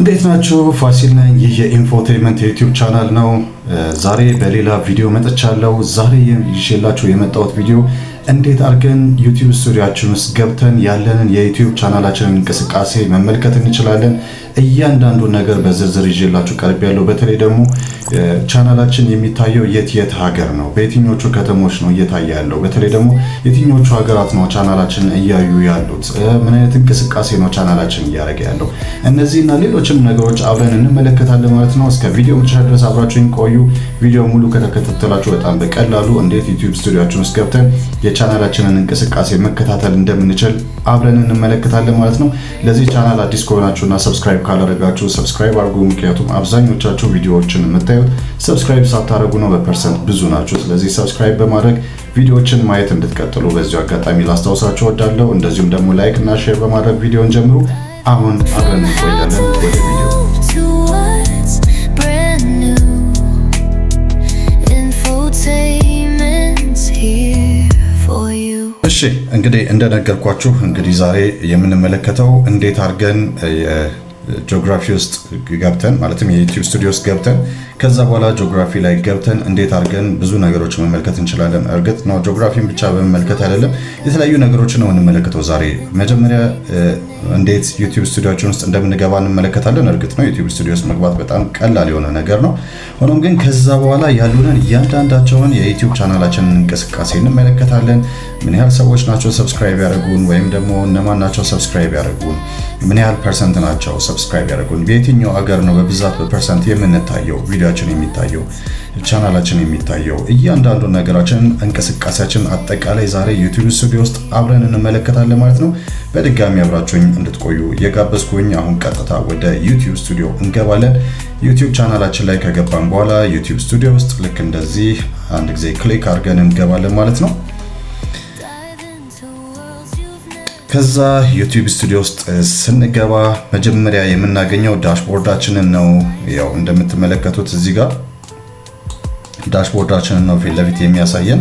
እንዴት ናችሁ? ፋሲል ነኝ። ይህ የኢንፎቴመንት የዩቲዩብ ቻናል ነው። ዛሬ በሌላ ቪዲዮ መጥቻለሁ። ዛሬ ይዤላችሁ የመጣሁት ቪዲዮ እንዴት አድርገን ዩቲዩብ ስቱዲዮአችን ውስጥ ገብተን ያለንን የዩቲዩብ ቻናላችንን እንቅስቃሴ መመልከት እንችላለን፣ እያንዳንዱ ነገር በዝርዝር ይዤላችሁ ቀርብ ያለው። በተለይ ደግሞ ቻናላችን የሚታየው የት የት ሀገር ነው፣ በየትኞቹ ከተሞች ነው እየታየ ያለው፣ በተለይ ደግሞ የትኞቹ ሀገራት ነው ቻናላችን እያዩ ያሉት፣ ምን አይነት እንቅስቃሴ ነው ቻናላችን እያደረገ ያለው፣ እነዚህና ሌሎችም ነገሮች አብረን እንመለከታለን ማለት ነው። እስከ ቪዲዮ መጨረሻ ድረስ አብራችሁኝ ቆዩ። ቪዲዮ ሙሉ ከተከታተላችሁ በጣም በቀላሉ እንዴት ዩቲዩብ ስቱዲዮችን ውስጥ ገብተን የቻናላችንን እንቅስቃሴ መከታተል እንደምንችል አብረን እንመለከታለን ማለት ነው። ለዚህ ቻናል አዲስ ከሆናችሁና ሰብስክራይብ ካላደረጋችሁ ሰብስክራይብ አድርጉ። ምክንያቱም አብዛኞቻችሁ ቪዲዮዎችን የምታዩት ሰብስክራይብ ሳታደርጉ ነው። በፐርሰንት ብዙ ናችሁ። ስለዚህ ሰብስክራይብ በማድረግ ቪዲዮዎችን ማየት እንድትቀጥሉ በዚሁ አጋጣሚ ላስታውሳችሁ እወዳለሁ። እንደዚሁም ደግሞ ላይክ እና ሼር በማድረግ ቪዲዮን ጀምሩ። አሁን አብረን እንቆያለን ወደ ቪዲዮ እሺ እንግዲህ እንደነገርኳችሁ እንግዲህ ዛሬ የምንመለከተው እንዴት አድርገን ጂኦግራፊ ውስጥ ገብተን ማለትም የዩቲዩብ ስቱዲዮ ውስጥ ገብተን ከዛ በኋላ ጂኦግራፊ ላይ ገብተን እንዴት አድርገን ብዙ ነገሮች መመልከት እንችላለን። እርግጥ ነው ጂኦግራፊን ብቻ በመመልከት አይደለም፣ የተለያዩ ነገሮችን ነው እንመለከተው። ዛሬ መጀመሪያ እንዴት ዩቲዩብ ስቱዲዮችን ውስጥ እንደምንገባ እንመለከታለን። እርግጥ ነው ዩቲዩብ ስቱዲዮ ውስጥ መግባት በጣም ቀላል የሆነ ነገር ነው። ሆኖም ግን ከዛ በኋላ ያሉንን እያንዳንዳቸውን የዩቲዩብ ቻናላችንን እንቅስቃሴ እንመለከታለን። ምን ያህል ሰዎች ናቸው ሰብስክራይብ ያደርጉን ወይም ደግሞ እነማን ናቸው ሰብስክራይብ ያደርጉን? ምን ያህል ፐርሰንት ናቸው ሰብስክራይብ ያደርጉን? በየትኛው ሀገር ነው በብዛት በፐርሰንት የምንታየው ቪዲዮ መግቢያችን የሚታየው ቻናላችን የሚታየው እያንዳንዱ ነገራችን እንቅስቃሴያችን አጠቃላይ ዛሬ ዩቲዩብ ስቱዲዮ ውስጥ አብረን እንመለከታለን ማለት ነው። በድጋሚ አብራችሁኝ እንድትቆዩ የጋበዝኩኝ። አሁን ቀጥታ ወደ ዩቲዩብ ስቱዲዮ እንገባለን። ዩቲዩብ ቻናላችን ላይ ከገባን በኋላ ዩቲዩብ ስቱዲዮ ውስጥ ልክ እንደዚህ አንድ ጊዜ ክሊክ አድርገን እንገባለን ማለት ነው። ከዛ ዩቲዩብ ስቱዲዮ ውስጥ ስንገባ መጀመሪያ የምናገኘው ዳሽቦርዳችንን ነው። ያው እንደምትመለከቱት እዚህ ጋር ዳሽቦርዳችንን ነው ፊት ለፊት የሚያሳየን።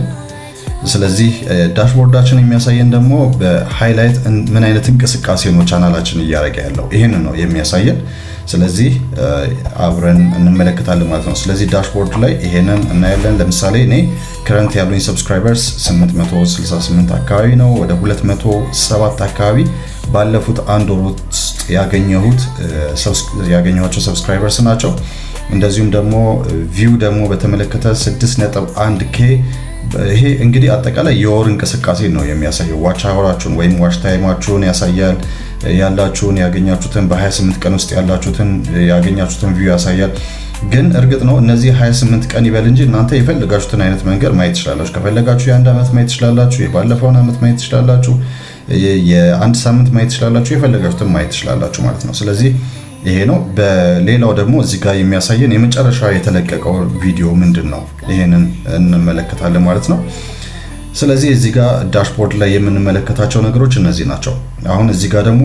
ስለዚህ ዳሽቦርዳችን የሚያሳየን ደግሞ በሃይላይት ምን አይነት እንቅስቃሴ ነው ቻናላችን እያደረገ ያለው ይህን ነው የሚያሳየን። ስለዚህ አብረን እንመለከታለን ማለት ነው። ስለዚህ ዳሽቦርድ ላይ ይሄንን እናያለን። ለምሳሌ እኔ ክረንት ያሉኝ ሰብስክራይበርስ 868 አካባቢ ነው። ወደ 207 አካባቢ ባለፉት አንድ ወር ውስጥ ያገኘሁት ያገኘኋቸው ሰብስክራይበርስ ናቸው። እንደዚሁም ደግሞ ቪው ደግሞ በተመለከተ 6.1 ኬ ይሄ እንግዲህ አጠቃላይ የወር እንቅስቃሴ ነው የሚያሳየው። ዋች አወራችሁን ወይም ዋች ታይማችሁን ያሳያል። ያላችሁን ያገኛችሁትን በ28 ቀን ውስጥ ያላችሁትን ያገኛችሁትን ቪው ያሳያል። ግን እርግጥ ነው እነዚህ 28 ቀን ይበል እንጂ እናንተ የፈለጋችሁትን አይነት መንገድ ማየት ትችላላችሁ። ከፈለጋችሁ የአንድ ዓመት ማየት ትችላላችሁ። የባለፈውን ዓመት ማየት ትችላላችሁ። የአንድ ሳምንት ማየት ትችላላችሁ። የፈለጋችሁትን ማየት ትችላላችሁ ማለት ነው። ስለዚህ ይሄ ነው። በሌላው ደግሞ እዚህ ጋር የሚያሳየን የመጨረሻ የተለቀቀው ቪዲዮ ምንድን ነው? ይሄንን እንመለከታለን ማለት ነው። ስለዚህ እዚህ ጋር ዳሽቦርድ ላይ የምንመለከታቸው ነገሮች እነዚህ ናቸው። አሁን እዚህ ጋር ደግሞ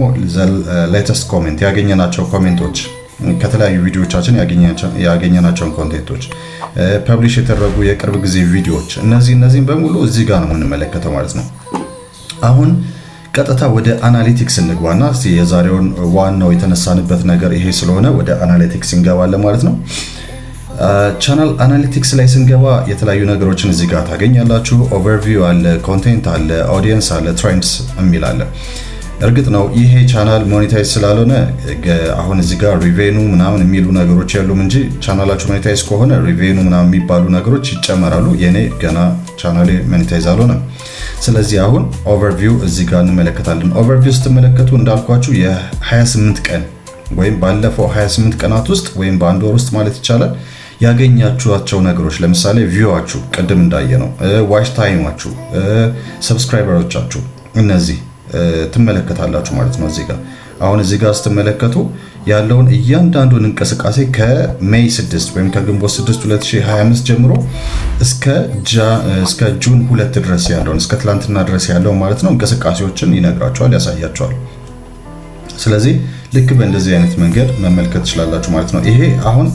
ሌተስት ኮሜንት ያገኘናቸው ኮሜንቶች ከተለያዩ ቪዲዮዎቻችን ያገኘናቸውን ኮንቴንቶች፣ ፐብሊሽ የተደረጉ የቅርብ ጊዜ ቪዲዮዎች እነዚህ እነዚህም በሙሉ እዚህ ጋር ነው የምንመለከተው ማለት ነው። አሁን ቀጥታ ወደ አናሊቲክስ እንግባና የዛሬውን ዋናው የተነሳንበት ነገር ይሄ ስለሆነ ወደ አናሊቲክስ እንገባለን ማለት ነው። ቻናል አናሊቲክስ ላይ ስንገባ የተለያዩ ነገሮችን እዚህ ጋር ታገኛላችሁ። ኦቨርቪው አለ፣ ኮንቴንት አለ፣ ኦዲየንስ አለ፣ ትሬንድስ የሚል አለ። እርግጥ ነው ይሄ ቻናል ሞኔታይዝ ስላልሆነ አሁን እዚህ ጋር ሪቬኑ ምናምን የሚሉ ነገሮች ያሉም እንጂ ቻናላችሁ ሞኔታይዝ ከሆነ ሪቬኑ ምናምን የሚባሉ ነገሮች ይጨመራሉ። የኔ ገና ቻናሌ ሞኔታይዝ አልሆነ። ስለዚህ አሁን ኦቨርቪው እዚህ ጋር እንመለከታለን። ኦቨርቪው ስትመለከቱ እንዳልኳችሁ የ28 ቀን ወይም ባለፈው 28 ቀናት ውስጥ ወይም በአንድ ወር ውስጥ ማለት ይቻላል ያገኛችኋቸው ነገሮች ለምሳሌ ቪዋችሁ ቅድም እንዳየ ነው፣ ዋች ታይማችሁ፣ ሰብስክራይበሮቻችሁ እነዚህ ትመለከታላችሁ ማለት ነው። እዚህ ጋር አሁን እዚህ ጋር ስትመለከቱ ያለውን እያንዳንዱን እንቅስቃሴ ከሜይ 6 ወይም ከግንቦት 6 2025 ጀምሮ እስከ ጁን ሁለት ድረስ ያለውን እስከ ትላንትና ድረስ ያለው ማለት ነው እንቅስቃሴዎችን ይነግራቸዋል፣ ያሳያቸዋል። ስለዚህ ልክ በእንደዚህ አይነት መንገድ መመልከት ትችላላችሁ ማለት ነው። ይሄ አሁን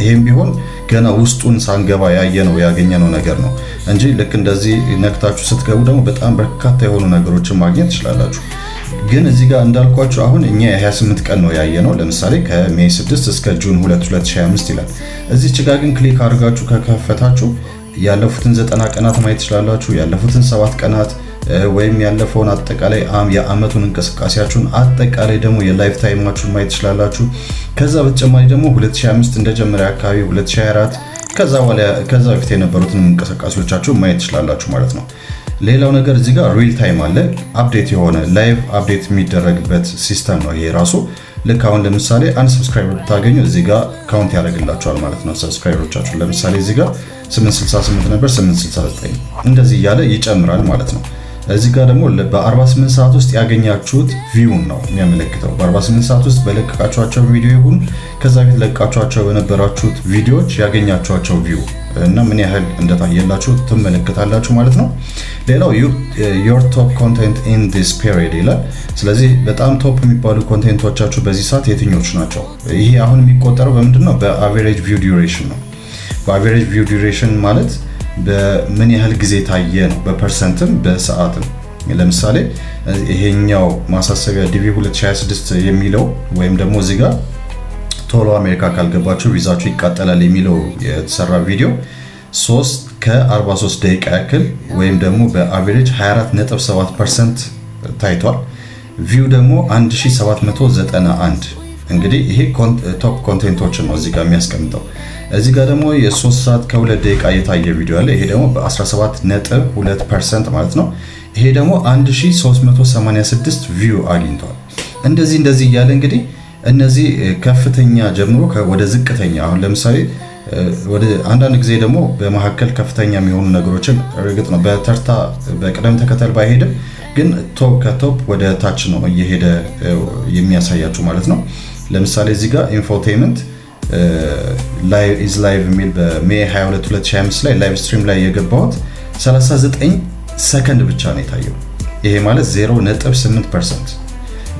ይሄም ቢሆን ገና ውስጡን ሳንገባ ያየ ነው ያገኘነው ነገር ነው እንጂ ልክ እንደዚህ ነክታችሁ ስትገቡ ደግሞ በጣም በርካታ የሆኑ ነገሮችን ማግኘት ትችላላችሁ። ግን እዚህ ጋር እንዳልኳችሁ አሁን እኛ የ28 ቀን ነው ያየ ነው። ለምሳሌ ከሜይ 6 እስከ ጁን 2 2025 ይላል። እዚህ ጋ ግን ክሊክ አድርጋችሁ ከከፈታችሁ ያለፉትን ዘጠና ቀናት ማየት ትችላላችሁ። ያለፉትን ሰባት ቀናት ወይም ያለፈውን አጠቃላይ የአመቱን እንቅስቃሴያችሁን አጠቃላይ ደግሞ የላይፍ ታይማችሁን ማየት ትችላላችሁ። ከዛ በተጨማሪ ደግሞ እንደ እንደጀመሪያ አካባቢ 2024 ከዛ ከዛ በፊት የነበሩትን እንቅስቃሴዎቻችሁ ማየት ትችላላችሁ ማለት ነው። ሌላው ነገር እዚህ ጋር ሪል ታይም አለ። አፕዴት የሆነ ላይቭ አፕዴት የሚደረግበት ሲስተም ነው ይሄ ራሱ። ልክ አሁን ለምሳሌ አንድ ሰብስክራይበር ብታገኙ እዚህ ጋር ካውንት ያደርግላችኋል ማለት ነው። ሰብስክራይበሮቻችሁን ለምሳሌ እዚህ ጋር 868 ነበር፣ 869 እንደዚህ እያለ ይጨምራል ማለት ነው። እዚህ ጋር ደግሞ በ48 ሰዓት ውስጥ ያገኛችሁት ቪውን ነው የሚያመለክተው። በ48 ሰዓት ውስጥ በለቀቃችኋቸው ቪዲዮ ይሁን ከዛ ፊት ለቀቃችኋቸው በነበራችሁት ቪዲዮዎች ያገኛችኋቸው ቪው እና ምን ያህል እንደታየላችሁ ትመለከታላችሁ ማለት ነው። ሌላው ዮር ቶፕ ኮንቴንት ኢን ዲስ ፔሪድ ይላል። ስለዚህ በጣም ቶፕ የሚባሉ ኮንቴንቶቻችሁ በዚህ ሰዓት የትኞቹ ናቸው? ይሄ አሁን የሚቆጠረው በምንድን ነው? በአቨሬጅ ቪው ዲሬሽን ነው። በአቨሬጅ ቪው ዲሬሽን ማለት በምን ያህል ጊዜ ታየ ነው፣ በፐርሰንትም በሰዓትም። ለምሳሌ ይሄኛው ማሳሰቢያ ዲቪ 2026 የሚለው ወይም ደግሞ እዚህ ጋር ቶሎ አሜሪካ ካልገባችሁ ቪዛችሁ ይቃጠላል የሚለው የተሰራ ቪዲዮ 3 ከ43 ደቂቃ ያክል ወይም ደግሞ በአቨሬጅ 24.7 ፐርሰንት ታይቷል። ቪው ደግሞ 1791 እንግዲህ ይሄ ቶፕ ኮንቴንቶችን ነው እዚህ ጋር የሚያስቀምጠው እዚህ ጋር ደግሞ የሶስት ሰዓት ከሁለት ደቂቃ የታየ ቪዲዮ አለ። ይሄ ደግሞ በ17.2 17 ፐርሰንት ማለት ነው። ይሄ ደግሞ 1386 ቪው አግኝቷል። እንደዚህ እንደዚህ እያለ እንግዲህ እነዚህ ከፍተኛ ጀምሮ ወደ ዝቅተኛ አሁን ለምሳሌ አንዳንድ ጊዜ ደግሞ በመካከል ከፍተኛ የሚሆኑ ነገሮችን እርግጥ ነው በተርታ በቅደም ተከተል ባይሄድም ግን ቶፕ ከቶፕ ወደ ታች ነው እየሄደ የሚያሳያችሁ ማለት ነው። ለምሳሌ እዚህ ጋር ኢንፎቴንመንት ኢዝ ላይቭ የሚል በሜ 22 2025 ላይ ላይቭ ስትሪም ላይ የገባሁት 39 ሰከንድ ብቻ ነው የታየው። ይሄ ማለት 0.8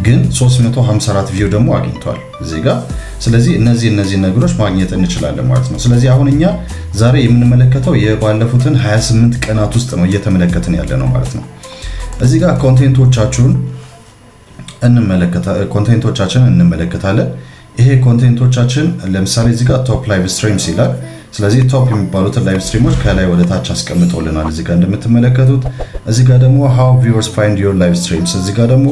ግን 354 ቪው ደግሞ አግኝቷል እዚህ ጋር። ስለዚህ እነዚህ እነዚህ ነገሮች ማግኘት እንችላለን ማለት ነው። ስለዚህ አሁን እኛ ዛሬ የምንመለከተው የባለፉትን 28 ቀናት ውስጥ ነው እየተመለከትን ያለ ነው ማለት ነው። እዚህ ጋር ኮንቴንቶቻችሁን እንመለከታለን። ይሄ ኮንቴንቶቻችን ለምሳሌ እዚህ ጋር ቶፕ ላይቭ ስትሪምስ ይላል። ስለዚህ ቶፕ የሚባሉትን ላይቭ ስትሪሞች ከላይ ወደ ታች አስቀምጦልናል እዚህ ጋር እንደምትመለከቱት። እዚህ ጋር ደግሞ ሃው ቪወርስ ፋይንድ ዮር ላይቭ ስትሪምስ፣ እዚህ ጋር ደግሞ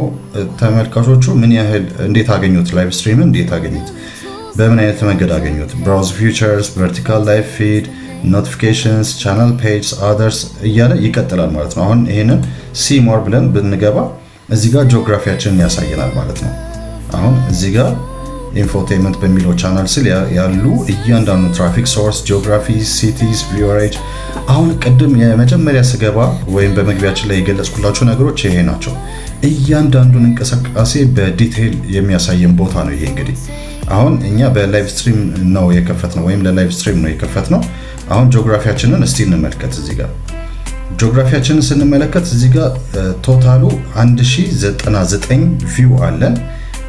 ተመልካቾቹ ምን ያህል እንዴት አገኙት፣ ላይቭ ስትሪምን እንዴት አገኙት፣ በምን አይነት መንገድ አገኙት፣ ብራውዝ ፊውቸርስ፣ ቨርቲካል ላይቭ ፊድ ኖቲፊኬሽንስ ቻናል ፔጅስ አደርስ እያለ ይቀጥላል ማለት ነው። አሁን ይህንን ሲ ሞር ብለን ብንገባ እዚህ ጋር ጂኦግራፊያችንን ያሳየናል ማለት ነው። አሁን እዚህ ጋር ኢንፎቴመንት በሚለው ቻናል ስል ያሉ እያንዳንዱ ትራፊክ ሶርስ፣ ጂኦግራፊ፣ ሲቲስ፣ ቪወሬጅ አሁን ቅድም የመጀመሪያ ስገባ ወይም በመግቢያችን ላይ የገለጽኩላቸው ነገሮች ይሄ ናቸው። እያንዳንዱን እንቅስቃሴ በዲቴይል የሚያሳየን ቦታ ነው። ይሄ እንግዲህ አሁን እኛ በላይቭ ስትሪም ነው የከፈት ነው ወይም ለላይቭ ስትሪም ነው የከፈት ነው። አሁን ጂኦግራፊያችንን እስቲ እንመልከት። እዚህ ጋር ጂኦግራፊያችንን ስንመለከት እዚህ ጋር ቶታሉ 1099 ቪው አለን።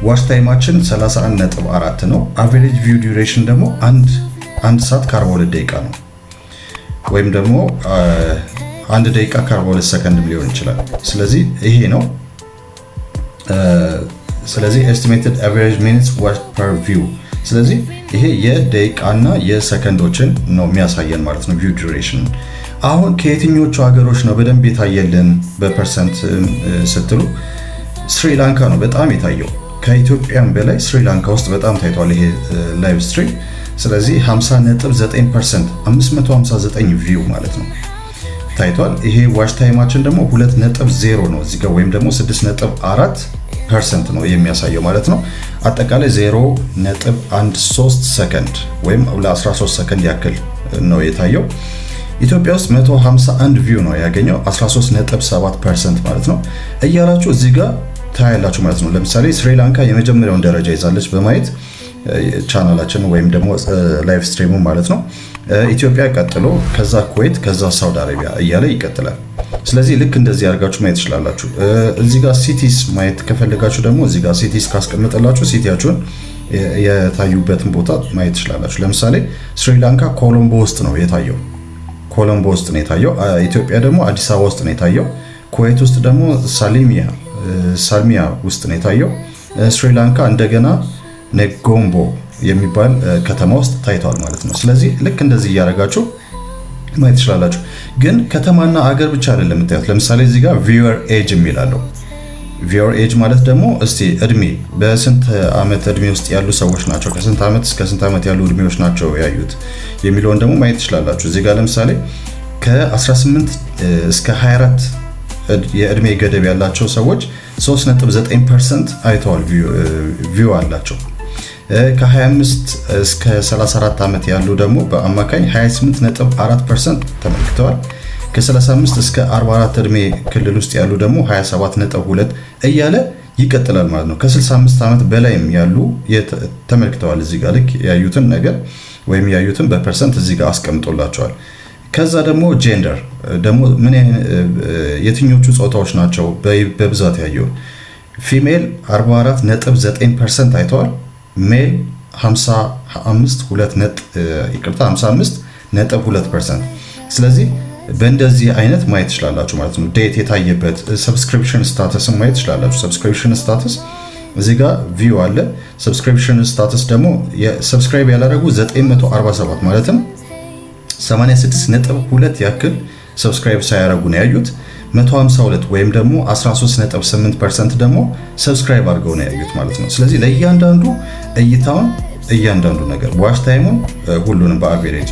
ዋች ታይማችን 31.4 ነው። አቨሬጅ ቪው ዲዩሬሽን ደግሞ አንድ አንድ ሰዓት ከ42 ደቂቃ ነው፣ ወይም ደግሞ አንድ ደቂቃ ከ42 ሰከንድ ሊሆን ይችላል። ስለዚህ ይሄ ነው። ስለዚህ ኤስቲሜትድ አቨሬጅ ሚኒትስ ዋች ፐር ቪው ስለዚህ ይሄ የደቂቃና የሰከንዶችን ነው የሚያሳየን ማለት ነው ቪው ዱሬሽን። አሁን ከየትኞቹ ሀገሮች ነው በደንብ የታየልን በፐርሰንት ስትሉ፣ ስሪላንካ ነው በጣም የታየው ከኢትዮጵያም በላይ ስሪላንካ ውስጥ በጣም ታይቷል ይሄ ላይቭ ስትሪም። ስለዚህ 50.9% 559 ቪው ማለት ነው ታይቷል። ይሄ ዋች ታይማችን ደግሞ 2.0 ነው እዚህ ጋር ወይም ደግሞ 6.4 ፐርሰንት ነው የሚያሳየው ማለት ነው። አጠቃላይ 0.13 ሰከንድ ወይም ለ13 ሰከንድ ያክል ነው የታየው። ኢትዮጵያ ውስጥ 151 ቪው ነው ያገኘው 13.7 ፐርሰንት ማለት ነው እያላችሁ እዚህ ጋር ታያላችሁ ማለት ነው። ለምሳሌ ስሪላንካ የመጀመሪያውን ደረጃ ይዛለች በማየት ቻናላችን ወይም ደግሞ ላይቭ ስትሪሙ ማለት ነው። ኢትዮጵያ ቀጥሎ፣ ከዛ ኩዌት፣ ከዛ ሳውዲ አረቢያ እያለ ይቀጥላል። ስለዚህ ልክ እንደዚህ አድርጋችሁ ማየት ትችላላችሁ። እዚህ ጋር ሲቲስ ማየት ከፈለጋችሁ ደግሞ እዚህ ጋር ሲቲስ ካስቀምጠላችሁ ሲቲያችሁን የታዩበትን ቦታ ማየት ትችላላችሁ። ለምሳሌ ስሪላንካ ኮሎምቦ ውስጥ ነው የታየው፣ ኮሎምቦ ውስጥ ነው የታየው። ኢትዮጵያ ደግሞ አዲስ አበባ ውስጥ ነው የታየው። ኩዌት ውስጥ ደግሞ ሳሊሚያ ሳልሚያ ውስጥ ነው የታየው። ስሪላንካ እንደገና ነጎምቦ የሚባል ከተማ ውስጥ ታይቷል ማለት ነው። ስለዚህ ልክ እንደዚህ እያደረጋችሁ ማየት ትችላላችሁ። ግን ከተማና አገር ብቻ አይደለም የምታዩት። ለምሳሌ እዚህ ጋር ቪወር ኤጅ የሚላለው ቪወር ኤጅ ማለት ደግሞ እስቲ እድሜ በስንት ዓመት እድሜ ውስጥ ያሉ ሰዎች ናቸው፣ ከስንት ዓመት እስከ ስንት ዓመት ያሉ እድሜዎች ናቸው ያዩት የሚለውን ደግሞ ማየት ትችላላችሁ። እዚህ ጋር ለምሳሌ ከ18 እስከ 24 የእድሜ ገደብ ያላቸው ሰዎች 3.9 ፐርሰንት አይተዋል ቪው አላቸው። ከ25 እስከ 34 ዓመት ያሉ ደግሞ በአማካኝ 28.4 ፐርሰንት ተመልክተዋል። ከ35 እስከ 44 እድሜ ክልል ውስጥ ያሉ ደግሞ 27.2 እያለ ይቀጥላል ማለት ነው። ከ65 ዓመት በላይም ያሉ ተመልክተዋል። እዚህ ጋር ልክ ያዩትን ነገር ወይም ያዩትን በፐርሰንት እዚህ ጋር አስቀምጦላቸዋል። ከዛ ደግሞ ጀንደር ደግሞ ምን የትኞቹ ጾታዎች ናቸው በብዛት ያየው ፊሜል 9 ፐርሰንት አይተዋል። ሜል 55 ነጥብ 2 ፐርሰንት። ስለዚህ በእንደዚህ አይነት ማየት ትችላላችሁ ማለት ነው። ዴት የታየበት ሰብስክሪፕሽን ስታተስ ማየት ትችላላችሁ። ሰብስክሪፕሽን ስታተስ እዚህ ጋር ቪው አለ። ሰብስክሪፕሽን ስታተስ ደግሞ ሰብስክራይብ ያላደረጉ 947 ማለትም 86.2 ያክል ሰብስክራይብ ሳያደርጉ ነው ያዩት። 152 ወይም ደግሞ 13.8% ደግሞ ሰብስክራይብ አድርገው ነው ያዩት ማለት ነው። ስለዚህ ለእያንዳንዱ እይታውን እያንዳንዱ ነገር ዋች ታይሙን ሁሉንም በአቬሬጅ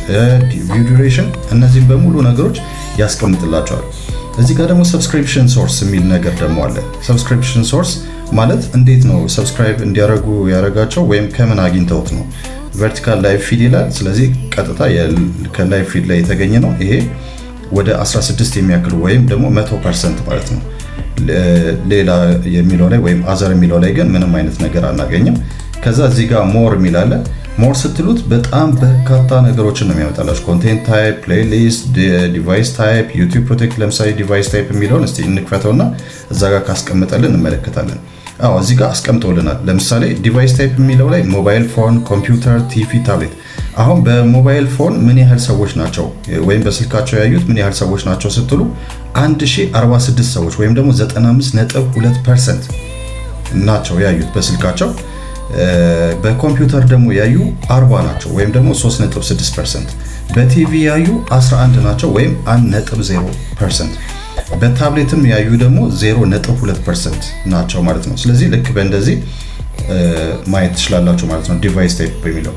ቪው ዱሬሽን እነዚህም በሙሉ ነገሮች ያስቀምጥላቸዋል። እዚህ ጋር ደግሞ ሰብስክሪፕሽን ሶርስ የሚል ነገር ደግሞ አለ። ሰብስክሪፕሽን ሶርስ ማለት እንዴት ነው ሰብስክራይብ እንዲያደርጉ ያደረጋቸው ወይም ከምን አግኝተውት ነው? ቨርቲካል ላይቭ ፊድ ይላል። ስለዚህ ቀጥታ ከላይቭ ፊድ ላይ የተገኘ ነው። ይሄ ወደ 16 የሚያክል ወይም ደግሞ 100 ፐርሰንት ማለት ነው። ሌላ የሚለው ላይ ወይም አዘር የሚለው ላይ ግን ምንም አይነት ነገር አናገኝም። ከዛ እዚህ ጋር ሞር የሚላለ ሞር ስትሉት በጣም በርካታ ነገሮችን ነው የሚያመጣላችሁ። ኮንቴንት ታይፕ፣ ፕሌይሊስት፣ ዲቫይስ ታይፕ፣ ዩቲዩብ ፕሮቴክት። ለምሳሌ ዲቫይስ ታይፕ የሚለውን እስቲ እንክፈተውና እዛ ጋር ካስቀምጠልን እንመለከታለን። አዎ እዚህ ጋር አስቀምጦልናል። ለምሳሌ ዲቫይስ ታይፕ የሚለው ላይ ሞባይል ፎን፣ ኮምፒውተር፣ ቲቪ፣ ታብሌት። አሁን በሞባይል ፎን ምን ያህል ሰዎች ናቸው ወይም በስልካቸው ያዩት ምን ያህል ሰዎች ናቸው ስትሉ 1046 ሰዎች ወይም ደግሞ 95.2 ፐርሰንት ናቸው ያዩት በስልካቸው በኮምፒውተር ደግሞ ያዩ 40 ናቸው ወይም ደግሞ 3.6 በቲቪ ያዩ 11 ናቸው ወይም 1.0 በታብሌትም ያዩ ደግሞ 0.2 ናቸው ማለት ነው። ስለዚህ ልክ በእንደዚህ ማየት ትችላላችሁ ማለት ነው ዲቫይስ ታይፕ በሚለው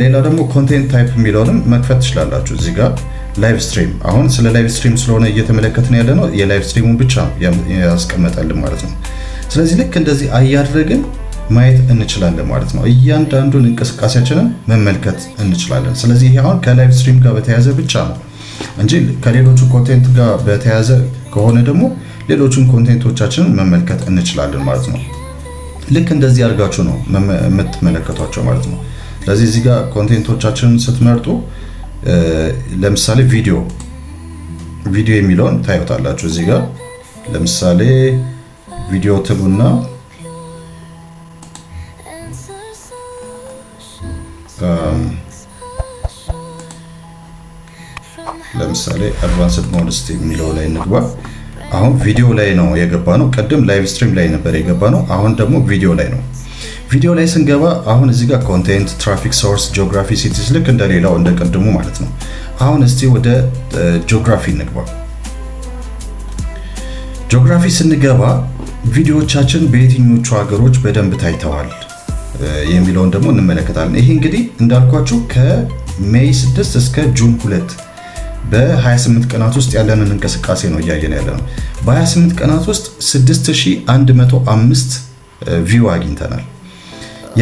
ሌላ ደግሞ ኮንቴንት ታይፕ የሚለውንም መክፈት ትችላላችሁ እዚህ ጋር ላይቭ ስትሪም አሁን ስለ ላይቭ ስትሪም ስለሆነ እየተመለከትን ያለ ነው የላይቭ ስትሪሙን ብቻ ያስቀመጠልን ማለት ነው ስለዚህ ልክ እንደዚህ አያደረግን ማየት እንችላለን ማለት ነው። እያንዳንዱን እንቅስቃሴያችንን መመልከት እንችላለን። ስለዚህ ይሄ አሁን ከላይቭ ስትሪም ጋር በተያያዘ ብቻ ነው እንጂ ከሌሎቹ ኮንቴንት ጋር በተያያዘ ከሆነ ደግሞ ሌሎቹን ኮንቴንቶቻችንን መመልከት እንችላለን ማለት ነው። ልክ እንደዚህ አድርጋችሁ ነው የምትመለከቷቸው ማለት ነው። ስለዚህ እዚህ ጋር ኮንቴንቶቻችንን ስትመርጡ ለምሳሌ ቪዲዮ ቪዲዮ የሚለውን ታዩታላችሁ። እዚህ ጋር ለምሳሌ ቪዲዮ ትሉና ለምሳሌ አድቫንስድ ሞድስቲ የሚለው ላይ እንግባ። አሁን ቪዲዮ ላይ ነው የገባ ነው። ቅድም ላይቭ ስትሪም ላይ ነበር የገባ ነው። አሁን ደግሞ ቪዲዮ ላይ ነው። ቪዲዮ ላይ ስንገባ አሁን እዚህ ጋር ኮንቴንት፣ ትራፊክ ሶርስ፣ ጂኦግራፊ፣ ሲቲስ ልክ እንደሌላው እንደ ቅድሙ ማለት ነው። አሁን እስቲ ወደ ጂኦግራፊ እንግባ። ጂኦግራፊ ስንገባ ቪዲዮዎቻችን በየትኞቹ ሀገሮች በደንብ ታይተዋል የሚለውን ደግሞ እንመለከታለን። ይሄ እንግዲህ እንዳልኳችሁ ከሜይ 6 እስከ ጁን 2 በ28 ቀናት ውስጥ ያለንን እንቅስቃሴ ነው እያየን ያለ ነው። በ28 ቀናት ውስጥ 6105 ቪው አግኝተናል።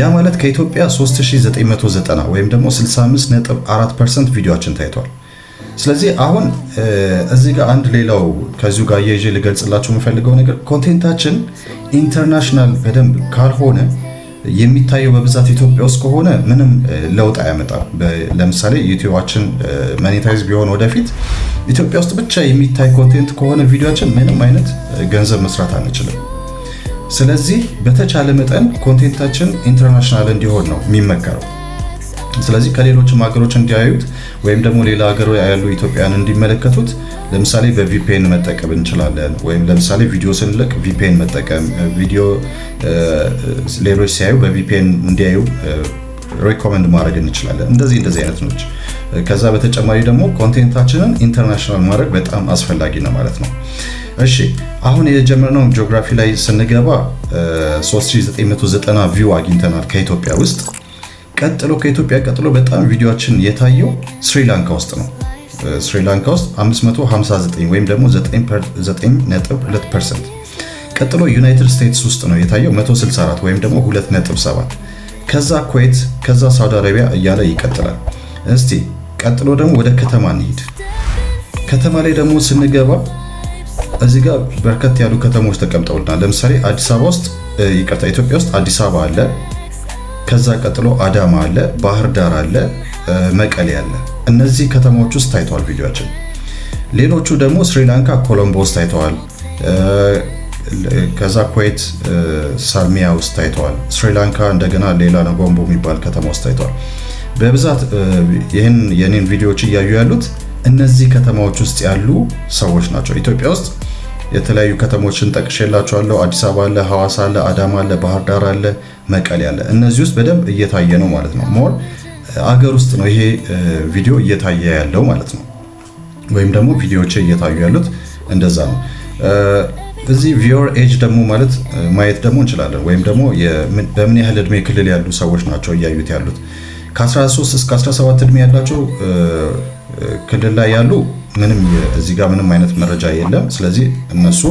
ያ ማለት ከኢትዮጵያ 3990 ወይም ደግሞ 65.4% ቪዲዮችን ታይቷል። ስለዚህ አሁን እዚህ ጋር አንድ ሌላው ከዚሁ ጋር የይዤ ልገልጽላችሁ የምፈልገው ነገር ኮንቴንታችን ኢንተርናሽናል በደንብ ካልሆነ የሚታየው በብዛት ኢትዮጵያ ውስጥ ከሆነ ምንም ለውጥ አያመጣም። ለምሳሌ ዩቲዩባችን መኔታይዝ ቢሆን ወደፊት ኢትዮጵያ ውስጥ ብቻ የሚታይ ኮንቴንት ከሆነ ቪዲዮችን ምንም አይነት ገንዘብ መስራት አንችልም። ስለዚህ በተቻለ መጠን ኮንቴንታችን ኢንተርናሽናል እንዲሆን ነው የሚመከረው። ስለዚህ ከሌሎችም ሀገሮች እንዲያዩት ወይም ደግሞ ሌላ ሀገር ያሉ ኢትዮጵያን እንዲመለከቱት ለምሳሌ በቪፒኤን መጠቀም እንችላለን። ወይም ለምሳሌ ቪዲዮ ስንልቅ ቪፒኤን መጠቀም ቪዲዮ ሌሎች ሲያዩ በቪፒኤን እንዲያዩ ሪኮመንድ ማድረግ እንችላለን። እንደዚህ እንደዚህ አይነት ነች። ከዛ በተጨማሪ ደግሞ ኮንቴንታችንን ኢንተርናሽናል ማድረግ በጣም አስፈላጊ ነው ማለት ነው። እሺ አሁን የጀመርነው ጂኦግራፊ ላይ ስንገባ 3990 ቪው አግኝተናል ከኢትዮጵያ ውስጥ ቀጥሎ ከኢትዮጵያ ቀጥሎ በጣም ቪዲዮችን የታየው ስሪላንካ ውስጥ ነው። ስሪላንካ ውስጥ 559 ወይም ደግሞ 9.2 ፐርሰንት። ቀጥሎ ዩናይትድ ስቴትስ ውስጥ ነው የታየው 164 ወይም ደግሞ 2.7፣ ከዛ ኩዌት፣ ከዛ ሳውዲ አረቢያ እያለ ይቀጥላል። እስቲ ቀጥሎ ደግሞ ወደ ከተማ እንሂድ። ከተማ ላይ ደግሞ ስንገባ እዚህ ጋር በርከት ያሉ ከተሞች ተቀምጠውልናል። ለምሳሌ አዲስ አበባ ውስጥ ይቅርታ፣ ኢትዮጵያ ውስጥ አዲስ አበባ አለ ከዛ ቀጥሎ አዳማ አለ፣ ባህር ዳር አለ፣ መቀሌ አለ። እነዚህ ከተሞች ውስጥ ታይተዋል ቪዲዮችን። ሌሎቹ ደግሞ ስሪላንካ ኮሎምቦ ውስጥ ታይተዋል። ከዛ ኩዌት ሳልሚያ ውስጥ ታይተዋል። ስሪላንካ እንደገና ሌላ ነጎምቦ የሚባል ከተማ ውስጥ ታይተዋል። በብዛት ይህን የኔን ቪዲዮዎች እያዩ ያሉት እነዚህ ከተማዎች ውስጥ ያሉ ሰዎች ናቸው። ኢትዮጵያ ውስጥ የተለያዩ ከተሞችን ጠቅሼላችኋለሁ። አዲስ አበባ አለ፣ ሐዋሳ አለ፣ አዳማ አለ፣ ባህር ዳር አለ፣ መቀሌ ያለ እነዚህ ውስጥ በደንብ እየታየ ነው ማለት ነው። ሞር አገር ውስጥ ነው ይሄ ቪዲዮ እየታየ ያለው ማለት ነው። ወይም ደግሞ ቪዲዮዎች እየታዩ ያሉት እንደዛ ነው። እዚህ ቪዮር ኤጅ ደግሞ ማለት ማየት ደግሞ እንችላለን። ወይም ደግሞ በምን ያህል እድሜ ክልል ያሉ ሰዎች ናቸው እያዩት ያሉት። ከ13 እስከ 17 እድሜ ያላቸው ክልል ላይ ያሉ ምንም እዚህ ጋር ምንም አይነት መረጃ የለም። ስለዚህ እነሱ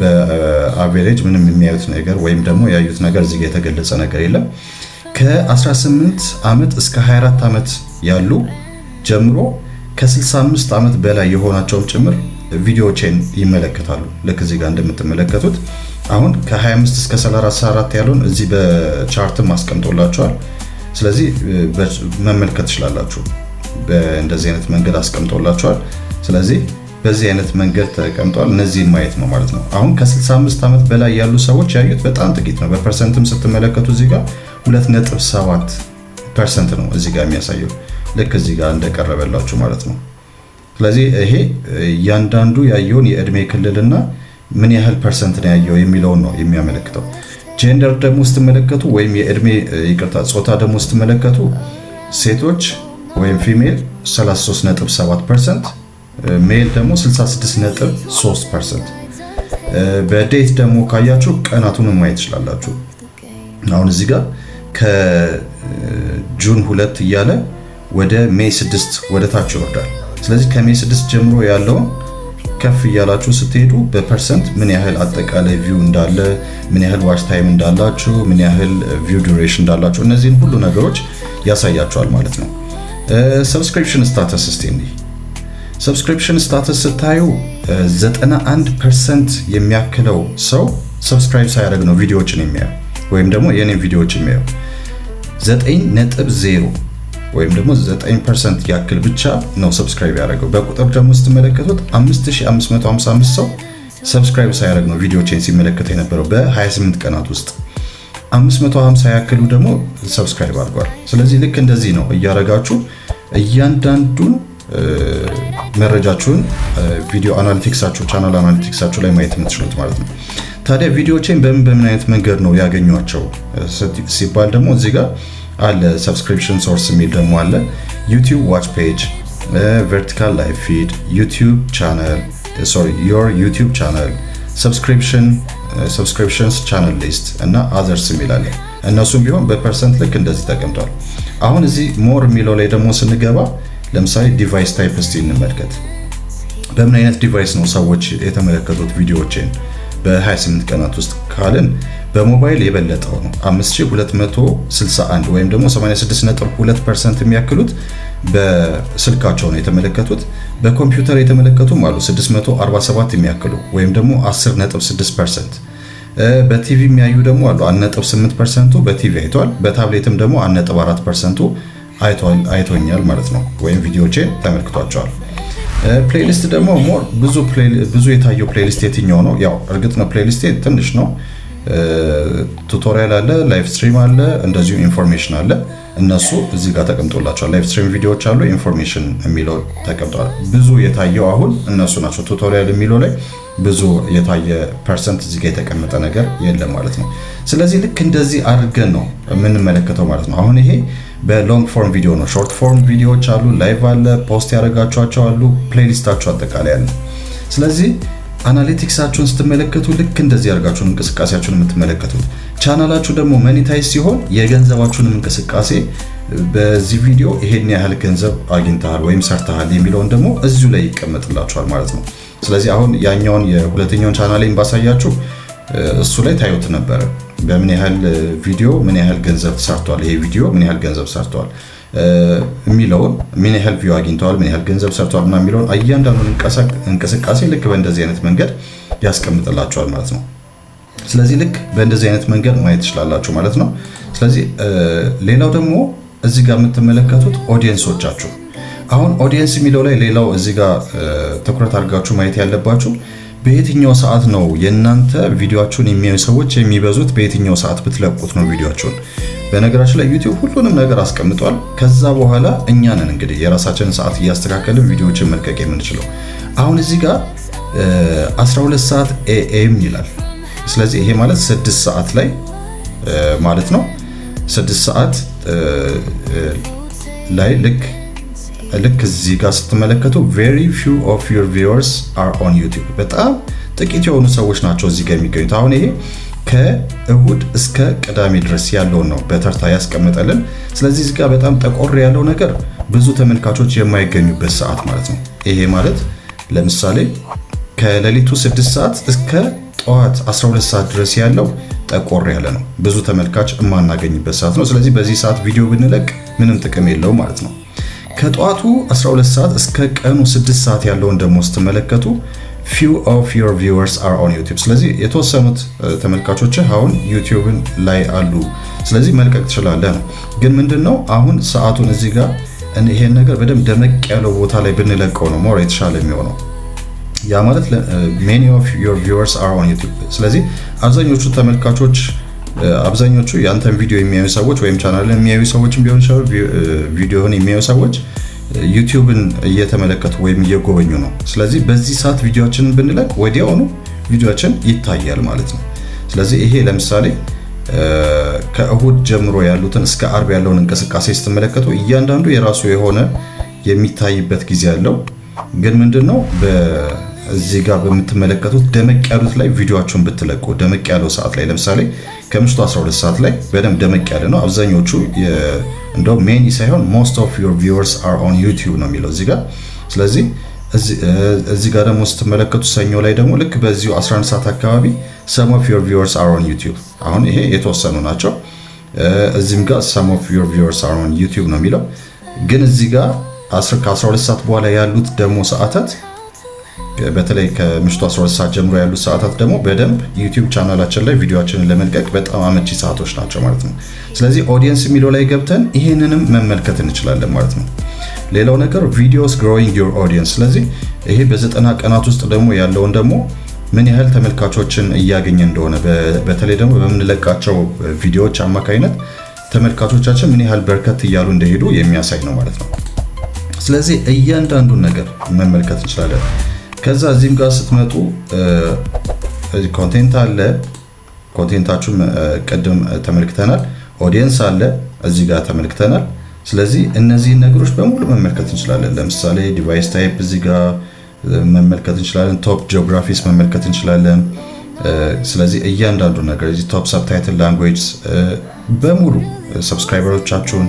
በአቬሬጅ ምንም የሚያዩት ነገር ወይም ደግሞ ያዩት ነገር እዚህ የተገለጸ ነገር የለም። ከ18 ዓመት እስከ 24 ዓመት ያሉ ጀምሮ ከ65 ዓመት በላይ የሆናቸውም ጭምር ቪዲዮዎችን ይመለከታሉ። ልክ እዚህ ጋር እንደምትመለከቱት አሁን ከ25 እስከ 34 ያለውን እዚህ በቻርትም አስቀምጦላቸዋል። ስለዚህ መመልከት ትችላላችሁ። እንደዚህ አይነት መንገድ አስቀምጦላቸዋል። ስለዚህ በዚህ አይነት መንገድ ተቀምጧል። እነዚህን ማየት ነው ማለት ነው። አሁን ከ65 ዓመት በላይ ያሉ ሰዎች ያዩት በጣም ጥቂት ነው። በፐርሰንትም ስትመለከቱ እዚህ ጋር 2.7 ፐርሰንት ነው እዚህ ጋር የሚያሳየው ልክ እዚህ ጋር እንደቀረበላችሁ ማለት ነው። ስለዚህ ይሄ እያንዳንዱ ያየውን የእድሜ ክልልና ምን ያህል ፐርሰንት ነው ያየው የሚለውን ነው የሚያመለክተው። ጀንደር ደግሞ ስትመለከቱ ወይም የእድሜ ይቅርታ ጾታ ደግሞ ስትመለከቱ ሴቶች ወይም ፊሜል 33.7 ፐርሰንት ሜል ደግሞ 66.3 ፐርሰንት። በዴት ደግሞ ካያችሁ ቀናቱን ማየት ትችላላችሁ። አሁን እዚህ ጋር ከጁን ሁለት እያለ ወደ ሜይ 6 ወደ ታች ይወርዳል። ስለዚህ ከሜይ 6 ጀምሮ ያለውን ከፍ እያላችሁ ስትሄዱ በፐርሰንት ምን ያህል አጠቃላይ ቪው እንዳለ፣ ምን ያህል ዋች ታይም እንዳላችሁ፣ ምን ያህል ቪው ዱሬሽን እንዳላችሁ እነዚህን ሁሉ ነገሮች ያሳያችኋል ማለት ነው። ሰብስክሪፕሽን ስታተስ እስቲ ሰብስክሪፕሽን ስታትስ ስታዩ 91 ፐርሰንት የሚያክለው ሰው ሰብስክራይብ ሳያደርግ ነው ቪዲዮዎችን የሚያየው ወይም ደግሞ የኔም ቪዲዮዎች የሚያየው 9 ነጥብ 0 ወይም ደግሞ 9 ፐርሰንት ያክል ብቻ ነው ሰብስክራይብ ያደረገው። በቁጥር ደግሞ ስትመለከቱት 5555 ሰው ሰብስክራይብ ሳያደርግ ነው ቪዲዮችን ሲመለከት የነበረው በ28 ቀናት ውስጥ 550 ያክሉ ደግሞ ሰብስክራይብ አድርጓል። ስለዚህ ልክ እንደዚህ ነው እያደረጋችሁ እያንዳንዱን መረጃችሁን ቪዲዮ አናሊቲክሳችሁ ቻናል አናሊቲክሳችሁ ላይ ማየት የምትችሉት ማለት ነው። ታዲያ ቪዲዮዎችን በምን በምን አይነት መንገድ ነው ያገኟቸው ሲባል ደግሞ እዚህ ጋር አለ ሰብስክሪፕሽን ሶርስ የሚል ደግሞ አለ። ዩቲዩብ ዋች ፔጅ፣ ቨርቲካል ላይቭ ፊድ፣ ዩቲዩብ ቻናል ሶሪ ዮር ዩቲዩብ ቻናል፣ ሰብስክሪፕሽንስ ቻናል ሊስት እና አዘርስ የሚላለ እነሱም ቢሆን በፐርሰንት ልክ እንደዚህ ተቀምጧል። አሁን እዚህ ሞር የሚለው ላይ ደግሞ ስንገባ ለምሳሌ ዲቫይስ ታይፕ እስቲ እንመልከት። በምን አይነት ዲቫይስ ነው ሰዎች የተመለከቱት ቪዲዮዎችን በ28 ቀናት ውስጥ ካልን በሞባይል የበለጠው ነው 5261 ወይም ደግሞ 86.2 ፐርሰንት የሚያክሉት በስልካቸው ነው የተመለከቱት። በኮምፒውተር የተመለከቱም አሉ 647 የሚያክሉ ወይም ደግሞ 10.6 ፐርሰንት። በቲቪ የሚያዩ ደግሞ አሉ 1.8 ፐርሰንቱ በቲቪ አይቷል። በታብሌትም ደግሞ 1.4 ፐርሰንቱ አይቶኛል ማለት ነው፣ ወይም ቪዲዮቼን ተመልክቷቸዋል። ፕሌሊስት ደግሞ ሞር ብዙ የታየው ፕሌሊስት የትኛው ነው? ያው እርግጥ ነው ፕሌሊስቴ ትንሽ ነው። ቱቶሪያል አለ፣ ላይቭ ስትሪም አለ፣ እንደዚሁም ኢንፎርሜሽን አለ። እነሱ እዚህ ጋር ተቀምጦላቸዋል። ላይቭ ስትሪም ቪዲዮዎች አሉ፣ ኢንፎርሜሽን የሚለው ተቀምጧል። ብዙ የታየው አሁን እነሱ ናቸው። ቱቶሪያል የሚለው ላይ ብዙ የታየ ፐርሰንት እዚህ ጋር የተቀመጠ ነገር የለም ማለት ነው። ስለዚህ ልክ እንደዚህ አድርገን ነው የምንመለከተው ማለት ነው። አሁን ይሄ በሎንግ ፎርም ቪዲዮ ነው። ሾርት ፎርም ቪዲዮዎች አሉ፣ ላይቭ አለ፣ ፖስት ያደረጋችኋቸው አሉ፣ ፕሌሊስታችሁ አጠቃላይ አለ። ስለዚህ አናሊቲክሳችሁን ስትመለከቱ ልክ እንደዚህ ያደርጋችሁን እንቅስቃሴያችሁን የምትመለከቱት። ቻናላችሁ ደግሞ መኒታይዝ ሲሆን የገንዘባችሁንም እንቅስቃሴ በዚህ ቪዲዮ ይሄን ያህል ገንዘብ አግኝተሃል ወይም ሰርተሃል የሚለውን ደግሞ እዚሁ ላይ ይቀመጥላችኋል ማለት ነው። ስለዚህ አሁን ያኛውን የሁለተኛውን ቻናሌን ባሳያችሁ እሱ ላይ ታዩት ነበረ። በምን ያህል ቪዲዮ ምን ያህል ገንዘብ ተሰርቷል፣ ይሄ ቪዲዮ ምን ያህል ገንዘብ ሰርቷል የሚለውን ምን ያህል ቪው አግኝተዋል፣ ምን ያህል ገንዘብ ሰርቷል እና የሚለውን እያንዳንዱን እንቅስቃሴ ልክ በእንደዚህ አይነት መንገድ ያስቀምጥላቸዋል ማለት ነው። ስለዚህ ልክ በእንደዚህ አይነት መንገድ ማየት ትችላላችሁ ማለት ነው። ስለዚህ ሌላው ደግሞ እዚህ ጋር የምትመለከቱት ኦዲየንሶቻችሁ አሁን ኦዲየንስ የሚለው ላይ ሌላው እዚህ ጋር ትኩረት አድርጋችሁ ማየት ያለባችሁ በየትኛው ሰዓት ነው የእናንተ ቪዲዮችሁን የሚያዩ ሰዎች የሚበዙት? በየትኛው ሰዓት ብትለቁት ነው ቪዲዮችሁን? በነገራችን ላይ ዩቲዩብ ሁሉንም ነገር አስቀምጧል። ከዛ በኋላ እኛ ነን እንግዲህ የራሳችንን ሰዓት እያስተካከልን ቪዲዮዎችን መልቀቅ የምንችለው። አሁን እዚህ ጋር 12 ሰዓት ኤኤም ይላል። ስለዚህ ይሄ ማለት 6 ሰዓት ላይ ማለት ነው 6 ሰዓት ላይ ልክ ልክ እዚህ ጋር ስትመለከቱ ቬሪ ፊው ኦፍ ዩር ቪወርስ አር ኦን ዩቲዩብ በጣም ጥቂት የሆኑ ሰዎች ናቸው እዚህ ጋር የሚገኙት። አሁን ይሄ ከእሁድ እስከ ቅዳሜ ድረስ ያለውን ነው በተርታ ያስቀመጠልን። ስለዚህ እዚህ ጋር በጣም ጠቆር ያለው ነገር ብዙ ተመልካቾች የማይገኙበት ሰዓት ማለት ነው። ይሄ ማለት ለምሳሌ ከሌሊቱ 6 ሰዓት እስከ ጠዋት 12 ሰዓት ድረስ ያለው ጠቆር ያለ ነው። ብዙ ተመልካች የማናገኝበት ሰዓት ነው። ስለዚህ በዚህ ሰዓት ቪዲዮ ብንለቅ ምንም ጥቅም የለውም ማለት ነው። ከጠዋቱ 12 ሰዓት እስከ ቀኑ 6 ሰዓት ያለውን ደግሞ ስትመለከቱ few ኦፍ your viewers are on YouTube ስለዚህ የተወሰኑት ተመልካቾች አሁን ዩቲዩብን ላይ አሉ። ስለዚህ መልቀቅ ትችላለህ ነው። ግን ምንድን ነው አሁን ሰዓቱን እዚህ ጋር ይሄን ነገር በደንብ ደመቅ ያለው ቦታ ላይ ብንለቀው ነው ሞር የተሻለ የሚሆነው። ያ ማለት ሜኒ ኦፍ ዮር viewers are on YouTube ስለዚህ አብዛኞቹ ተመልካቾች አብዛኞቹ ያንተን ቪዲዮ የሚያዩ ሰዎች ወይም ቻናልን የሚያዩ ሰዎችም ሊሆን ይችላል። ቪዲዮን የሚያዩ ሰዎች ዩቲዩብን እየተመለከቱ ወይም እየጎበኙ ነው። ስለዚህ በዚህ ሰዓት ቪዲዮችንን ብንለቅ ወዲያውኑ ቪዲዮችን ይታያል ማለት ነው። ስለዚህ ይሄ ለምሳሌ ከእሁድ ጀምሮ ያሉትን እስከ አርብ ያለውን እንቅስቃሴ ስትመለከቱ እያንዳንዱ የራሱ የሆነ የሚታይበት ጊዜ አለው። ግን ምንድን ነው እዚህ ጋር በምትመለከቱት ደመቅ ያሉት ላይ ቪዲዮቸውን ብትለቁ ደመቅ ያለው ሰዓት ላይ ለምሳሌ ከምሽቱ 12 ሰዓት ላይ በደንብ ደመቅ ያለ ነው። አብዛኞቹ እንደው ሜኒ ሳይሆን ሞስት ኦፍ ዮር ቪወርስ አር ኦን ዩቲዩብ ነው የሚለው እዚህ ጋር። ስለዚህ እዚህ ጋር ደግሞ ስትመለከቱ ሰኞ ላይ ደግሞ ልክ በዚሁ 11 ሰዓት አካባቢ ሰም ኦፍ ዮር ቪወርስ አር ኦን ዩቲዩብ። አሁን ይሄ የተወሰኑ ናቸው። እዚህም ጋር ሰም ኦፍ ዮር ቪወርስ አር ኦን ዩቲዩብ ነው የሚለው ግን እዚህ ጋር ከ12 ሰዓት በኋላ ያሉት ደግሞ ሰዓታት በተለይ ከምሽቱ 12 ሰዓት ጀምሮ ያሉት ሰዓታት ደግሞ በደንብ ዩቲዩብ ቻናላችን ላይ ቪዲዮችንን ለመልቀቅ በጣም አመቺ ሰዓቶች ናቸው ማለት ነው። ስለዚህ ኦዲየንስ የሚለው ላይ ገብተን ይህንንም መመልከት እንችላለን ማለት ነው። ሌላው ነገር ቪዲዮስ ግሮዊንግ ዩር ኦዲየንስ። ስለዚህ ይሄ በዘጠና ቀናት ውስጥ ደግሞ ያለውን ደግሞ ምን ያህል ተመልካቾችን እያገኘ እንደሆነ በተለይ ደግሞ በምንለቃቸው ቪዲዮዎች አማካኝነት ተመልካቾቻችን ምን ያህል በርከት እያሉ እንደሄዱ የሚያሳይ ነው ማለት ነው። ስለዚህ እያንዳንዱን ነገር መመልከት እንችላለን። ከዛ እዚህም ጋር ስትመጡ ኮንቴንት አለ። ኮንቴንታችሁም ቅድም ተመልክተናል። ኦዲየንስ አለ፣ እዚህ ጋር ተመልክተናል። ስለዚህ እነዚህን ነገሮች በሙሉ መመልከት እንችላለን። ለምሳሌ ዲቫይስ ታይፕ እዚህ ጋር መመልከት እንችላለን። ቶፕ ጂኦግራፊስ መመልከት እንችላለን። ስለዚህ እያንዳንዱ ነገር እዚህ ቶፕ ሰብታይትል ላንጉዌጅ በሙሉ ሰብስክራይበሮቻችሁን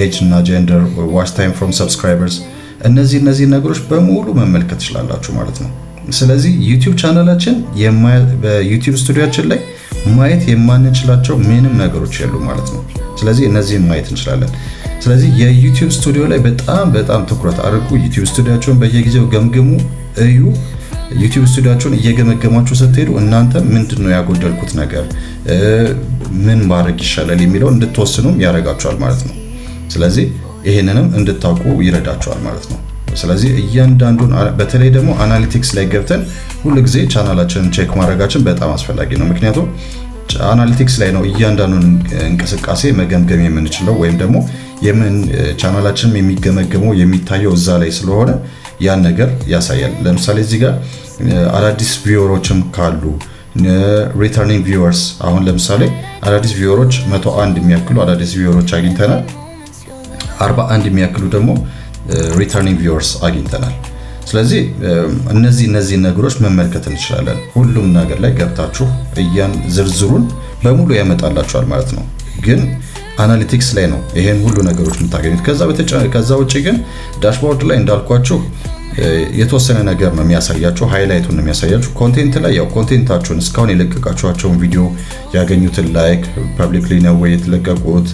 ኤጅ እና ጀንደር ዋች ታይም ፍሮም ሰብስክራይበርስ እነዚህ እነዚህ ነገሮች በሙሉ መመልከት ትችላላችሁ ማለት ነው። ስለዚህ ዩቲዩብ ቻናላችን በዩቲዩብ ስቱዲያችን ላይ ማየት የማንችላቸው ምንም ነገሮች የሉ ማለት ነው። ስለዚህ እነዚህን ማየት እንችላለን። ስለዚህ የዩቲዩብ ስቱዲዮ ላይ በጣም በጣም ትኩረት አድርጉ። ዩቲዩብ ስቱዲያቸውን በየጊዜው ገምግሙ፣ እዩ። ዩቲዩብ ስቱዲያቸውን እየገመገማችሁ ስትሄዱ እናንተ ምንድን ነው ያጎደልኩት ነገር፣ ምን ማድረግ ይሻላል የሚለው እንድትወስኑም ያደርጋችኋል ማለት ነው። ስለዚህ ይሄንንም እንድታውቁ ይረዳቸዋል ማለት ነው። ስለዚህ እያንዳንዱን በተለይ ደግሞ አናሊቲክስ ላይ ገብተን ጊዜ ቻናላችንን ቼክ ማድረጋችን በጣም አስፈላጊ ነው። ምክንያቱም አናሊቲክስ ላይ ነው እያንዳንዱን እንቅስቃሴ መገምገም የምንችለው ወይም ደግሞ ቻናላችንም የሚገመገመው የሚታየው እዛ ላይ ስለሆነ ያን ነገር ያሳያል። ለምሳሌ እዚህ ጋር አዳዲስ ቪወሮችም ካሉ ሪተርኒንግ ቪወርስ፣ አሁን ለምሳሌ አዳዲስ ቪወሮች 101 የሚያክሉ አዳዲስ ቪወሮች አግኝተናል። 41 የሚያክሉ ደግሞ ሪተርኒንግ ቪወርስ አግኝተናል። ስለዚህ እነዚህ እነዚህ ነገሮች መመልከት እንችላለን። ሁሉም ነገር ላይ ገብታችሁ እያን ዝርዝሩን በሙሉ ያመጣላችኋል ማለት ነው። ግን አናሊቲክስ ላይ ነው ይሄን ሁሉ ነገሮች የምታገኙት። ከዛ ውጭ ግን ዳሽቦርድ ላይ እንዳልኳችሁ የተወሰነ ነገር ነው የሚያሳያችሁ፣ ሃይላይቱን ነው የሚያሳያችሁ። ኮንቴንት ላይ ያው ኮንቴንታችሁን እስካሁን የለቀቃችኋቸውን ቪዲዮ ያገኙትን ላይክ ፐብሊክሊ ነው ወይ የተለቀቁት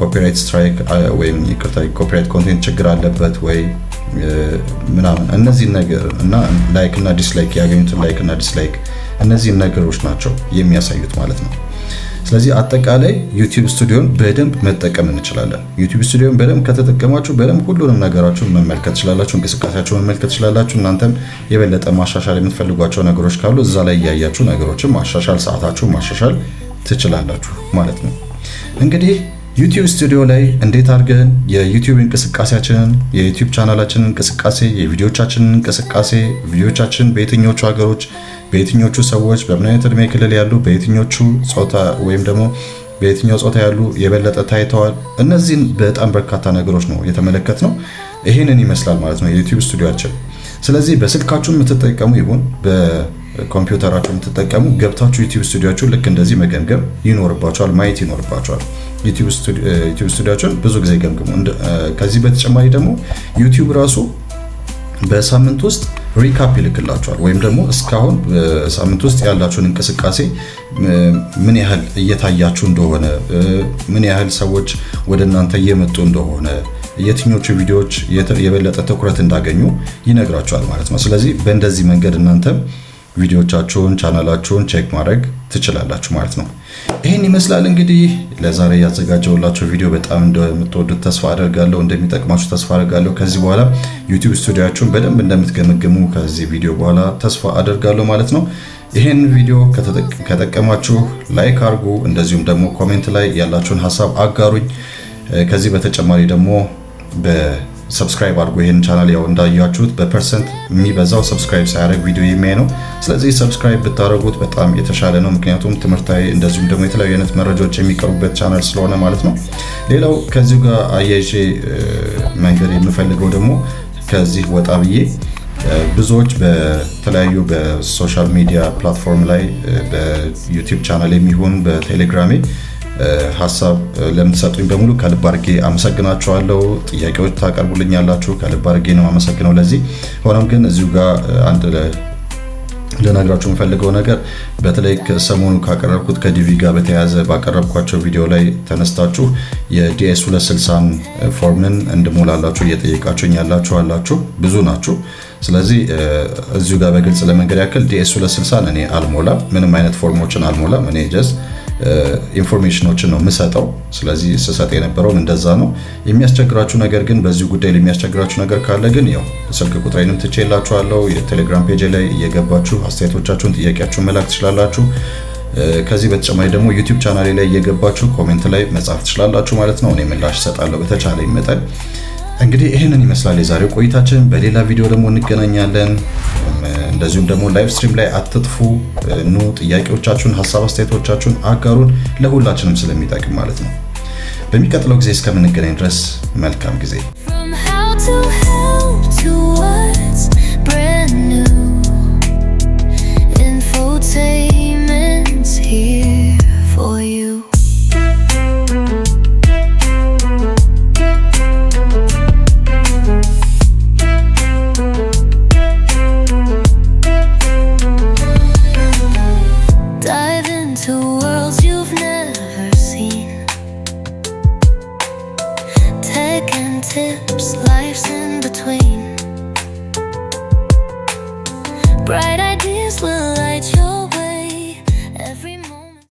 ኮፒራይት uh, ስትራይክ uh, ወይም ይቅርታ ኮፒራይት ኮንቴንት ችግር አለበት ወይ uh, ምናምን እነዚህ ነገር እና ላይክ እና ዲስላይክ ያገኙትን ላይክ እና ዲስላይክ እነዚህን ነገሮች ናቸው የሚያሳዩት ማለት ነው። ስለዚህ አጠቃላይ ዩቲዩብ ስቱዲዮን በደንብ መጠቀም እንችላለን። ዩቲዩብ ስቱዲዮን በደንብ ከተጠቀማችሁ በደንብ ሁሉንም ነገራችሁን መመልከት ትችላላችሁ፣ እንቅስቃሴያችሁ መመልከት ትችላላችሁ። እናንተም የበለጠ ማሻሻል የምትፈልጓቸው ነገሮች ካሉ እዛ ላይ እያያችሁ ነገሮችን ማሻሻል፣ ሰዓታችሁን ማሻሻል ትችላላችሁ ማለት ነው እንግዲህ ዩቲዩብ ስቱዲዮ ላይ እንዴት አድርገን የዩቲዩብ እንቅስቃሴያችንን የዩቲዩብ ቻናላችንን እንቅስቃሴ የቪዲዮቻችንን እንቅስቃሴ ቪዲዮቻችን በየትኞቹ ሀገሮች በየትኞቹ ሰዎች በምን አይነት እድሜ ክልል ያሉ በየትኞቹ ጾታ ወይም ደግሞ በየትኛው ጾታ ያሉ የበለጠ ታይተዋል። እነዚህን በጣም በርካታ ነገሮች ነው የተመለከት ነው። ይህንን ይመስላል ማለት ነው የዩቲዩብ ስቱዲዮችን። ስለዚህ በስልካችሁ የምትጠቀሙ ይሁን ኮምፒውተራችሁ የምትጠቀሙ ገብታችሁ ዩቲዩብ ስቱዲዮችሁን ልክ እንደዚህ መገምገም ይኖርባቸዋል፣ ማየት ይኖርባቸዋል። ዩቲዩብ ስቱዲዮችን ብዙ ጊዜ ገምግሙ። ከዚህ በተጨማሪ ደግሞ ዩቲዩብ ራሱ በሳምንት ውስጥ ሪካፕ ይልክላቸዋል ወይም ደግሞ እስካሁን በሳምንት ውስጥ ያላችሁን እንቅስቃሴ ምን ያህል እየታያችሁ እንደሆነ፣ ምን ያህል ሰዎች ወደ እናንተ እየመጡ እንደሆነ፣ የትኞቹ ቪዲዮዎች የበለጠ ትኩረት እንዳገኙ ይነግራቸዋል ማለት ነው። ስለዚህ በእንደዚህ መንገድ እናንተ ቪዲዮቻችሁን ቻናላችሁን ቼክ ማድረግ ትችላላችሁ ማለት ነው። ይህን ይመስላል እንግዲህ ለዛሬ ያዘጋጀውላችሁ ቪዲዮ በጣም እንደምትወዱት ተስፋ አደርጋለሁ፣ እንደሚጠቅማችሁ ተስፋ አደርጋለሁ። ከዚህ በኋላ ዩቲዩብ ስቱዲያችሁን በደንብ እንደምትገመግሙ ከዚህ ቪዲዮ በኋላ ተስፋ አደርጋለሁ ማለት ነው። ይህን ቪዲዮ ከጠቀማችሁ ላይክ አድርጉ፣ እንደዚሁም ደግሞ ኮሜንት ላይ ያላችሁን ሀሳብ አጋሩኝ። ከዚህ በተጨማሪ ደግሞ ሰብስክራይብ አድርጎ ይህን ቻናል ያው እንዳያችሁት በፐርሰንት የሚበዛው ሰብስክራይብ ሳያደርግ ቪዲዮ የሚያይ ነው። ስለዚህ ሰብስክራይብ ብታደርጉት በጣም የተሻለ ነው። ምክንያቱም ትምህርታዊ እንደዚሁም ደግሞ የተለያዩ አይነት መረጃዎች የሚቀርቡበት ቻናል ስለሆነ ማለት ነው። ሌላው ከዚሁ ጋር አያይዤ መንገድ የምፈልገው ደግሞ ከዚህ ወጣ ብዬ ብዙዎች በተለያዩ በሶሻል ሚዲያ ፕላትፎርም ላይ በዩቲዩብ ቻናል የሚሆን በቴሌግራሜ ሀሳብ ለምትሰጡኝ በሙሉ ከልብ አድርጌ አመሰግናችኋለሁ። ጥያቄዎች ታቀርቡልኝ ያላችሁ ከልብ አድርጌ ነው አመሰግነው። ለዚህ ሆኖም ግን እዚሁ ጋር አንድ ልነግራችሁ የምፈልገው ነገር በተለይ ሰሞኑ ካቀረብኩት ከዲቪ ጋር በተያያዘ ባቀረብኳቸው ቪዲዮ ላይ ተነስታችሁ የዲኤስ 260 ፎርምን እንድሞላላችሁ እየጠየቃችሁኝ ያላችሁ አላችሁ፣ ብዙ ናችሁ። ስለዚህ እዚሁ ጋር በግልጽ ለመንገድ ያክል ዲኤስ 260 እኔ አልሞላም፣ ምንም አይነት ፎርሞችን አልሞላም። እኔ ጀስት ኢንፎርሜሽኖችን ነው የምሰጠው። ስለዚህ ስሰጥ የነበረውም እንደዛ ነው። የሚያስቸግራችሁ ነገር ግን በዚህ ጉዳይ የሚያስቸግራችሁ ነገር ካለ ግን ያው ስልክ ቁጥሬንም ትቼላችኋለሁ። የቴሌግራም ፔጅ ላይ እየገባችሁ አስተያየቶቻችሁን፣ ጥያቄያችሁን መላክ ትችላላችሁ። ከዚህ በተጨማሪ ደግሞ ዩቲዩብ ቻናሌ ላይ እየገባችሁ ኮሜንት ላይ መጻፍ ትችላላችሁ ማለት ነው። እኔ ምላሽ እሰጣለሁ በተቻለ መጠን እንግዲህ ይህንን ይመስላል የዛሬው ቆይታችን። በሌላ ቪዲዮ ደግሞ እንገናኛለን። እንደዚሁም ደግሞ ላይቭ ስትሪም ላይ አትጥፉ፣ ኑ፣ ጥያቄዎቻችሁን፣ ሀሳብ አስተያየቶቻችሁን አጋሩን። ለሁላችንም ስለሚጠቅም ማለት ነው። በሚቀጥለው ጊዜ እስከምንገናኝ ድረስ መልካም ጊዜ